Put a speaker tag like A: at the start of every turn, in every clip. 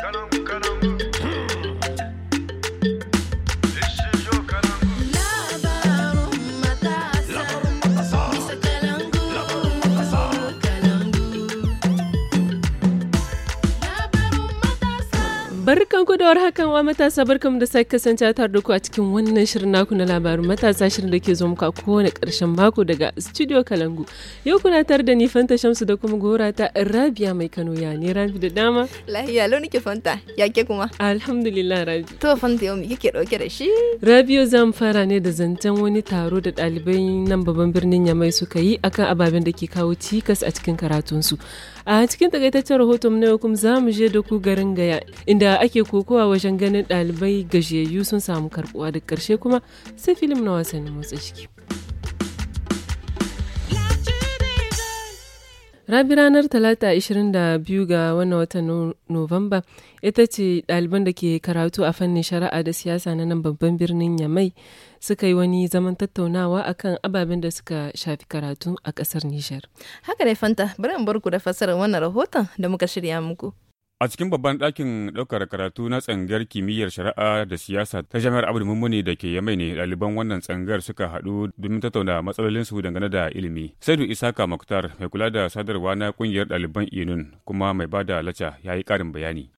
A: come on.
B: Barkan ku da warhakan wa matasa barkan da sake kasance tare da ku a cikin wannan shirin naku na labarin matasa shirin da ke zo muku a kowane karshen mako daga Studio Kalangu. Yau kuna tare da ni Fanta Shamsu da kuma gora ta Rabia Mai Kano ya
A: ne Rabi da dama. Lahiya lau nake Fanta ya ke kuma. Alhamdulillah Rabi. To Fanta yau me kike dauke da shi?
B: Rabiyo za mu fara ne da zancen wani taro da ɗalibai nan babban birnin Yamai suka yi akan ababen da ke kawo cikas a cikin karatunsu. A cikin takaitaccen rahoton na yau kuma za mu je da ku garin Gaya inda da ake kokowa wajen ganin ɗalibai gajiyayyu sun samu karbuwa da ƙarshe kuma sai filim na wasannin motsa jiki. Rabi ranar Talata 22 ga wannan watan Nuwamba ita ce ɗaliban da ke karatu a fannin shari'a da siyasa na nan babban birnin Yamai suka yi wani zaman tattaunawa akan
A: ababen da suka shafi karatu a ƙasar Nijar. Haka dai Fanta, bari in bar ku da fassarar wannan rahoton da muka shirya muku.
C: A cikin babban ɗakin ɗaukar karatu na tsangayar kimiyyar shari'a da siyasa ta jami'ar Abdul Mummuni da ke Yamai ne ɗaliban wannan tsangayar suka haɗu domin tattauna matsalolinsu dangane da ilimi. Saidu Isaka Muktar mai kula da sadarwa na ƙungiyar ɗaliban Inun kuma mai ba da lacca ya yi ƙarin bayani.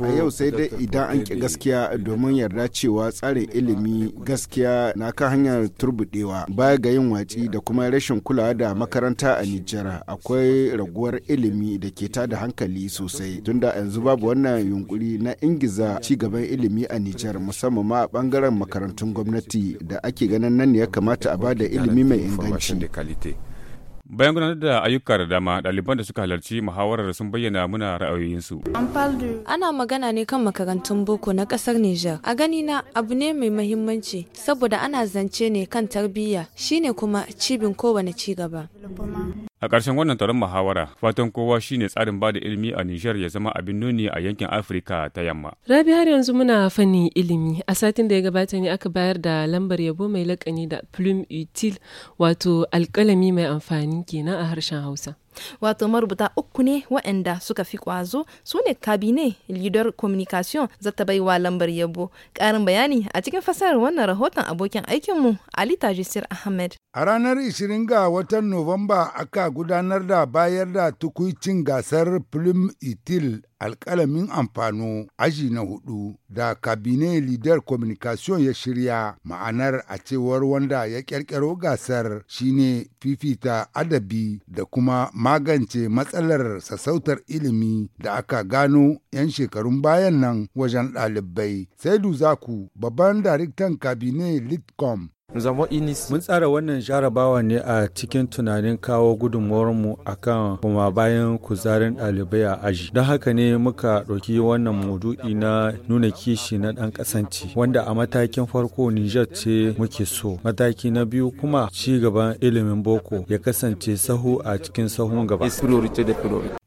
C: a yau sai dai
D: idan an ki gaskiya domin yarda cewa tsarin ilimi gaskiya na ka hanyar turbudewa baya ga yin watsi da kuma rashin kulawa da makaranta a nijar akwai raguwar ilimi da ke tada hankali sosai tunda yanzu babu wannan yunkuri na ingiza ci gaban ilimi a nijar musamman ma a bangaren makarantun gwamnati da ake ganin nan ne ya kamata a bada ilimi mai inganci
C: Bayan gudanar da ayyuka da dama, ɗaliban da suka halarci muhawarar sun bayyana muna ra'ayoyinsu.
A: Ana magana ne kan makarantun boko na ƙasar niger A gani na abu ne mai mahimmanci saboda ana zance ne kan tarbiyya shine kuma cibin kowane ci gaba.
C: A ƙarshen wannan taron muhawara, fatan kowa shine tsarin bada ilimi a Nijar ya zama abin nuni a yankin Afirka ta yamma.
A: Rabi har yanzu
B: muna fanni ilimi. A satin da ya gabata ne aka bayar da lambar yabo mai lakani da Plume Utile, wato alƙalami mai amfani kenan a harshen Hausa.
A: wato marubuta uku ne waɗanda suka fi kwazo su ne kabine leader communication zata bai wa lambar yabo karin bayani a cikin fasarar wannan rahoton abokin aikinmu ali tajisir ahmed
D: a ranar 20 ga watan novamba aka gudanar da bayar da tukuicin gasar plum itil alƙalamin amfano aji na hudu da kabine leader communication ya shirya ma'anar a cewar wanda ya ƙirƙiro gasar shine fifita adabi da kuma magance matsalar sassautar ilimi da aka gano 'yan shekarun bayan nan wajen ɗalibai saidu zaku babban daraktan kabine litcom
C: Mun tsara wannan jarabawa ne a cikin tunanin kawo gudunmuwarmu a kan kuma bayan kuzarin ɗalibai a aji. Don haka ne muka ɗauki wannan maudu'i na nuna kishi na ɗan kasance wanda a matakin farko Nijar ce muke so. Mataki na biyu kuma ci gaban ilimin boko ya kasance sahu a cikin sahun gaba.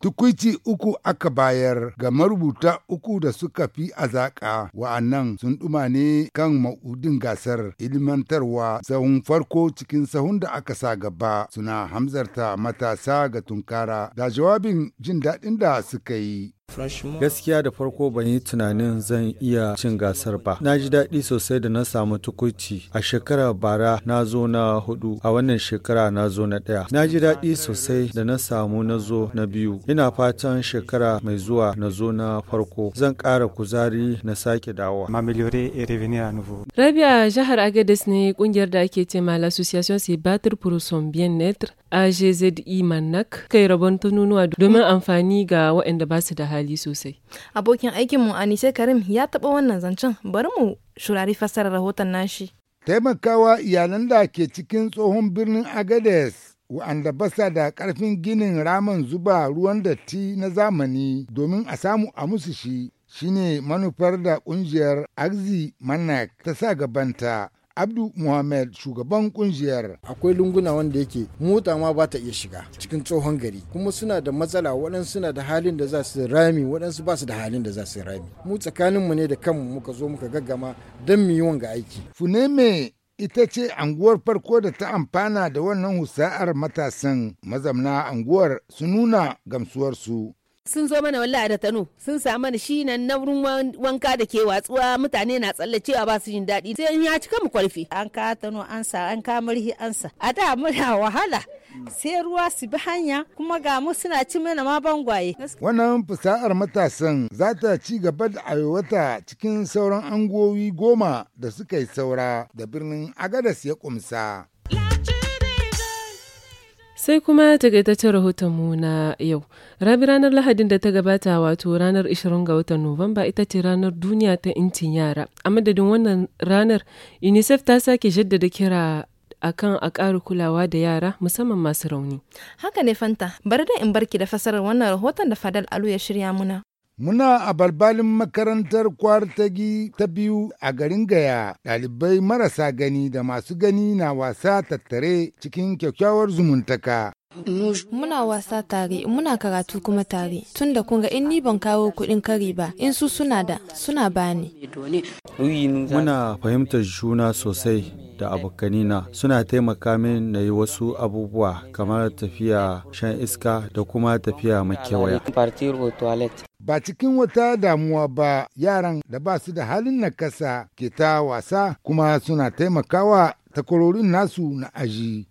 D: Tukwici uku aka bayar ga marubuta uku da suka fi a azaƙa wa'annan sun ɗuma ne kan ma'udin gasar ilimantarwa sahun farko cikin sahun da aka sa gaba suna hamzarta matasa ga tunkara da jawabin jin daɗin da suka yi.
C: Gaskiya da farko ban yi tunanin zan iya cin gasar ba. Na ji daɗi sosai da na samu tukuci. A shekara bara na zo na hudu, a wannan shekara na zo na ɗaya. Na ji daɗi sosai da na samu na zo na biyu. Ina fatan shekara mai zuwa na zo na farko. Zan ƙara kuzari na sake dawowa.
B: Rabia jihar Agadez ne kungiyar da ake ce ma l'Association Se Battre pour son bien-être AGZI Manak kai rabon tununuwa domin amfani ga waɗanda ba su da hali. hali sosai.
A: Abokin aikinmu Anise Karim ya taɓa wannan zancen bari mu shurari fassarar rahoton nashi.
D: Taimakawa iyalan da ke cikin tsohon birnin Agades wa'anda basa da ƙarfin ginin raman zuba ruwan datti na zamani domin a samu a musu shi shine manufar da ƙungiyar Axi Manak ta sa gabanta. Abdu Muhammad shugaban kungiyar. Akwai lunguna wanda yake mota ma ba ta iya shiga cikin tsohon gari kuma suna da matsala waɗansu suna da halin da za su rami waɗansu ba su da halin da za su rami. Mu tsakaninmu ne da kanmu muka zo muka gaggama don mu yi wanga aiki. Funeme ita ce anguwar farko da ta amfana da wannan husa'ar matasan mazamna anguwar su nuna gamsuwarsu
A: sun zo mana wallahi da tanu sun samu mana shi nan na wurin wanka da ke watsuwa mutane na tsallacewa ba su jin daɗi sai in ya cika mu kwarfi an ka tanu an sa an ka murhi an sa a da muna wahala sai ruwa su bi hanya kuma ga mu suna ci mana ma bangwaye
D: wannan fusa'ar matasan za ta ci gaba da aiwata cikin sauran angowi goma da suka yi saura da birnin agadas ya kumsa
B: Sai kuma ta takaitaccen mu na yau. Rabi ranar Lahadin da ta gabata wato ranar 20 ga watan Nuwamba ita ce ranar duniya ta incin yara. A madadin wannan ranar, UNICEF ta sake jaddada kira akan a ƙara kulawa da yara musamman masu rauni.
A: Haka ne Fanta, bari da in barki da fasarar wannan rahoton da Fadal Alu ya shirya muna.
D: Muna a balbalin makarantar kwartagi ta biyu a garin Gaya, ɗalibai marasa gani da masu gani na wasa tattare cikin kyakkyawar zumuntaka.
A: Muna wasa tare, muna karatu kuma tare, tun da kunga in ni ban kawo kuɗin kari ba, in su suna da, suna bani.
C: Muna fahimtar juna sosai. da abokanina suna taimaka min na yi wasu abubuwa kamar tafiya shan iska da kuma tafiya makewaya.
D: ba cikin wata damuwa ba yaran da ba su da halin na nakasa ke ta wasa kuma suna taimakawa takwarorin nasu
C: na aji.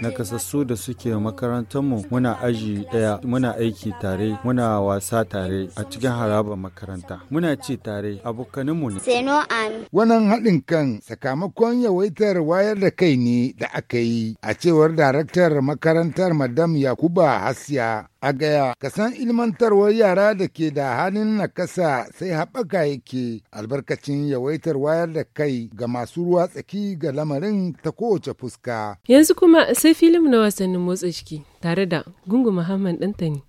C: Nakasassu da suke makarantarmu muna aji ɗaya muna aiki tare muna wasa tare a cikin harabar makaranta muna ci tare abokaninmu ne.
D: Wannan haɗin kan sakamakon yawaitar wayar da kai ne da aka yi a cewar daraktar makarantar madam Yakuba Hasiya A gaya, ka san ilmantarwar yara da ke da halin nakasa sai haɓaka yake albarkacin yawaitar wayar da kai ga masu ruwa tsaki ga lamarin ta kowace fuska.
B: Yanzu kuma sai filim na wasannin motsa ciki tare da Gungu Muhammad Dantani.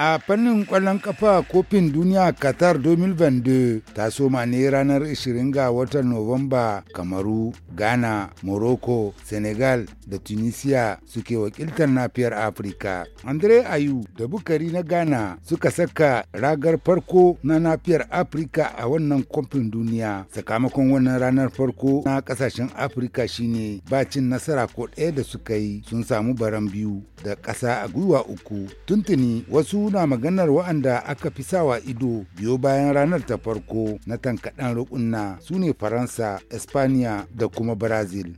D: a fannin kwallon kafa kofin duniya qatar 2022 ta soma ne ranar 20 ga watan nuwamba kamaru ghana morocco senegal da tunisia suke wakiltar nafiyar afirka andre ayu da bukari na ghana suka saka ragar farko na nafiyar afirka a wannan kofin duniya sakamakon wannan ranar farko na kasashen afirka shine bacin nasara ko ɗaya da suka yi sun samu baran biyu da ƙasa a gwiwa uku tuntuni wasu nuna maganar wa'anda aka fi sawa ido biyo bayan ranar ta farko na tankaɗan rukunna su ne Faransa, Espanya da kuma Brazil.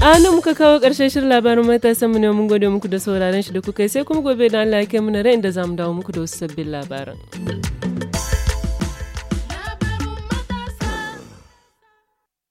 B: ana muka kawo ƙarshen shirin labarin matasan mu ne mun gode muku da sauraron shi da kuka sai kuma gobe da Allah ya kai mu na rai inda zamu dawo muku da wasu sabbin
C: labaran.